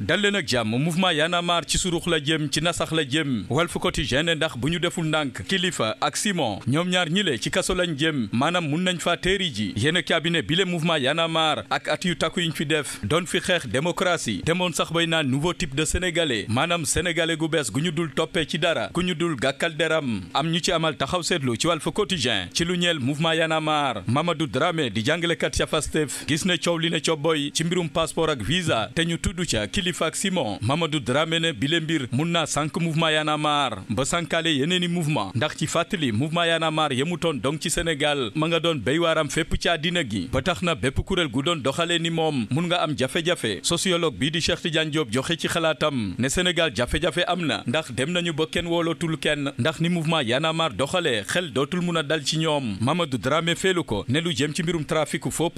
dal leen ak jàmm mouvement Y en a marre ci surux la jëm ci nasax la jëm Walf Quotidien ndax bu ñu deful ndànk kilifa ak Simon ñoom ñaar ñi le ci kaso lañ jëm maanaam mun nañ faa téeri ji yéen cabinet bi le mouvement Y en a marre ak at yu takku yuñ fi def doon fi xeex démocratie demoon sax bay naan nouveau tipe de sénégalais maanaam sénégalais gu bees gu ñu dul toppee ci dara ku ñu dul gàkkal deram am ñu ci amal taxaw seetlu ci Walf Quotidien ci lu ñeel mouvement Y en a marre Mamadou Dramé di jàngalekat ca Pastef gis ne coow li ne coow boy ci mbirum passeport ak visa te ñu tudd ca Khalifa ak Simon Mamadou ne bile mbir mun naa sànk mouvement Y'en a marre ba sànkaale yeneen i mouvement ndax ci fàttali mouvement Y'en a marre yemutoon donc ci Sénégal ma nga doon béy waaram fépp ci àddina gi ba tax na bépp kuréel gu doon doxalee ni moom mun nga am jafe-jafe sociologue bii di Cheikh Tidiane Diop joxe ci xalaatam ne senegal jafe-jafe am na ndax dem nañu ba kenn woolootul kenn ndax ni mouvement Y'en a marre doxalee xel dootul mun a dal ci ñoom Mamadou Dramé féelu ko ne lu jëm ci mbirum trafic faux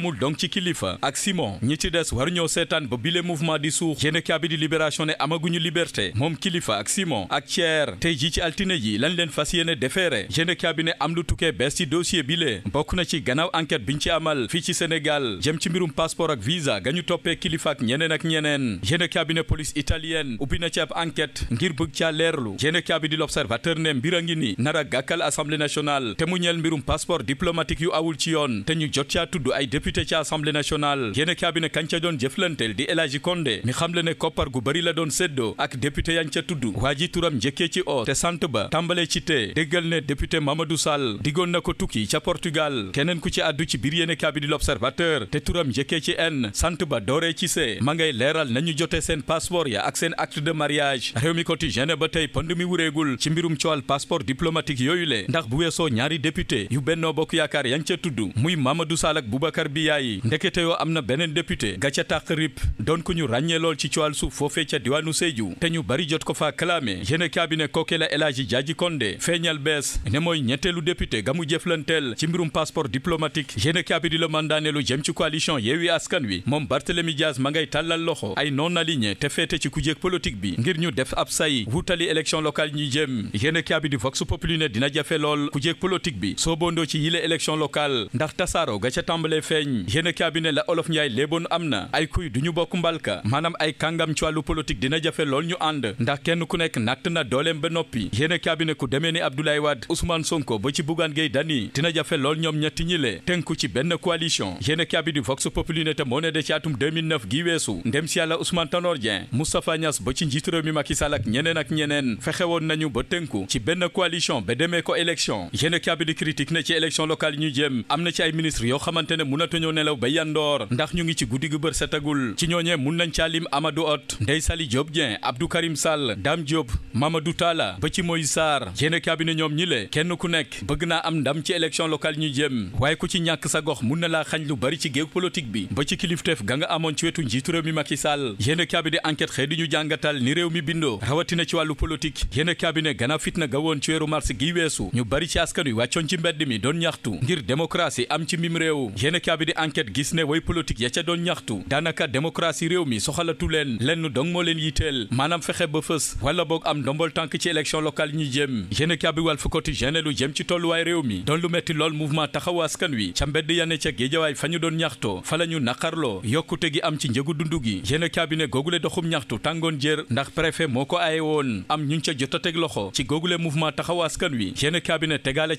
yemul donc ci kilifa ak Simon ñi ci des waruñoo seetaan ba bile mouvement di suux yéene kaabi di libération ne amaguñu liberté moom kilifa ak Simon ak Thier tey ji ci altine ji lan leen fas yéene defeere yéene kaabi ne am lu tukkee bees ci dossier bile bokk na ci gannaaw enquête biñ ci amal fii ci Sénégal jëm ci mbirum passeport ak visa gañu toppee kilifa ak ñeneen ak ñeneen gene kaabi ne police italienne ubbi na ci ab enquête ngir bëgg caa leerlu yéene kaabi di l'observateur ne mbir a ngi ni nar a gàkkal assemblée nationale te mu yu awul ci yoon te ñu jot député ci assemblée nationale yéene kaa bi ne kañ ca doon jëflanteel di El Condé mi xam ne koppar gu bari la doon séddoo ak député yañ ca tudd waa ji turam njëkkee ci o te sant ba tàmbalee ci tee déggal ne député Mamadou Sall diggoon na ko tukki ca Portugal keneen ku ci addu ci biir yéene kaa bi di l'observateur te turam njëkkee ci n sant ba dooree ci see ma ngay leeral nañu jotee seen passeport ya ak seen acte de mariage réew mi quotidien ba tey pënd mi wuréegul ci mbirum coowal passeport diplomatique yooyu le ndax bu weesoo ñaari député yu bennoo bokk yaakaar yañ ca tudd muy Mamadou tarbiya yi ndekete yoo am na beneen député ga ca tàq rip doon ku ñu ràññee lool ci coowal suuf foofee ca diwaanu Sédhiou te ñu bari jot ko faa kalaame yéene cabinet kooke la El Hadji Diadji Condé feeñal bees ne mooy ñetteelu député ga mu jëflanteel ci mbirum passeport diplomatique yéene cabinet la mandaane lu jëm ci coalition Yewwi Askan Wi moom Barthélémy Dias ma ngay tàllal loxo ay non aligné te féete ci kujéeg politique bi ngir ñu def ab say wutali élection locale ñuy jëm yéene cabinet Vox Populi ne dina jafe lool kujéeg politique bi soo bondoo ci yile élection locale ndax tasaaro ga feeñ yéen cabinet la olof njaay léeboon am na ay kuy du ñu bokk mbalka maanaam ay kàngam ci wàllu politique dina jafe lool ñu ànd ndax kenn ku nekk natt na dooleem ba noppi yéen cabinet ku demee ni Abdoulaye Wade Ousmane Sonko ba ci Bougane Gueye Dany dina jafe lool ñoom ñetti ñi le tënku ci benn coalition yéen cabinet Vox Populi te moo ne de ci atum gi weesu ndem si yàlla Ousmane Tanor Dieng Moustapha ci njiitu réew mi Macky Sall ak ñeneen ak ñeneen fexe woon nañu ba tënku benn ko élection yéen cabinet critique ne ci élection locale yi ñu yoo te mënatuñoo nelaw ba yandoor ndax ñu ngi ci guddi gu bër setagul ci ñooñee mun nañ caa lim Amadou Hott Ndeye Saly Diop Dieng Abdou Karim Sall Dame Diop Mamadou Talla ba ci Moïse Sarr yéene cabinet ñoom ñi le kenn ku nekk bëgg naa am ndam ci élection locale ñu jëm waaye ko ci ñàkk sa gox mun na laa xañ lu bari ci géew politique bi ba ci kilifteef ga nga amoon ci wetu njiitu réew mi Macky Sall yéene cabinet enquête xëy di ñu jàngatal ni réew mi bindoo rawatina ci wàllu politique yéene cabinet gannaaw fitna ga woon ci weeru mars weesu ñu bari ci askan wi wàccoon ci mbedd mi doon ñaxtu ngir démocratie am ci mim bi di enquête gis ne way politique ya ca doon ñaxtu daanaka démocratie réew mi soxalatu leen lenn dong moo leen yitteel maanaam fexe ba fës wala boog am ndombol tànk ci élection locale yi ñuy jëm yéen kaa bi Walf Quotidien lu jëm ci tolluwaay réew mi doon lu metti lool mouvement taxawu askan wi ca mbedd yane ca géejawaay fa ñu doon ñaxtoo fa la ñu naqarloo yokkute gi am ci njëgu dundu gi yéen kaa bi ne googule doxum ñaxtu tàngoon jër ndax préfet moo ko aaye woon am ñu ca jot a teg loxo ci googule mouvement taxawu askan wi yéen kaa bi ne tegaale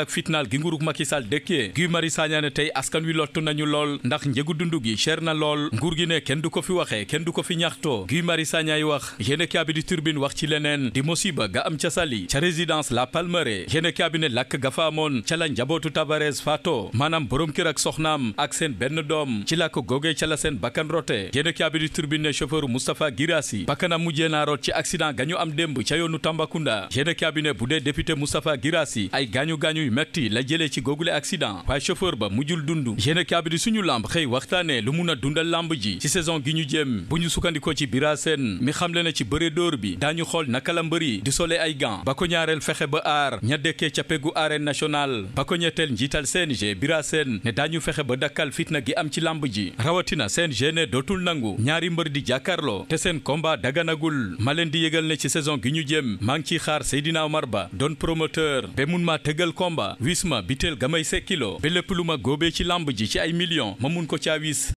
ak fitnaal gi nguurug Macky Sall dëkkee Guy Marius Sagna ne tey askan wi lottu nañu lool ndax njëgu dund gi cher na lool nguur gi ne kenn du ko fi waxee kenn du ko fi ñaxtoo Guy Marius Sagna yi wax yéene kaabi di turbine wax ci leneen di musiba ga am ca Saly ca résidence La Palmeraie yéene kaabi ne làkk ga fa amoon ca la njabootu Tavares fato maanaam borom kër ak soxnaam ak seen benn doom ci lakk googee ca la seen bakkan rote yéene kaabi di turbine ne chauffeur Moustapha Girassi bakkanam mujjee naa rot ci accident ga ñu am démb ca yoonu Tambacounda yéene kaabi bu dee député Moustapha Girassi ay gaañu yu metti la jëlee ci googule accident waaye chauffeur ba mujjul dund yéene kaabidi suñu lamb xëy waxtaane lu mun a dundal lamb ji ci saison gi ñu jëm bu ñu sukkandikoo ci bira seen mi xamle na ci bëre dóor bi daañu xool naka la mbëri di sole ay gants ba ko ñaareel fexe ba aar ña dekkee ca peggu arène nationale ba ñeteel ñetteel seen CNG bira seen ne daañu fexe ba dakkal fitna gi am ci lamb ji rawatina seen ne dootul nangu ñaari mbër di jàkkaarloo te seen combat ma leen di yëgal ne ci saison gi ñu jëm maa ngi ciy xaar Seydina Omar Ba ba combat wis ma biteel ga may sekkiloo ba lépp lu ma góobee ci làmb ji ci ay million ma mun ko caa wis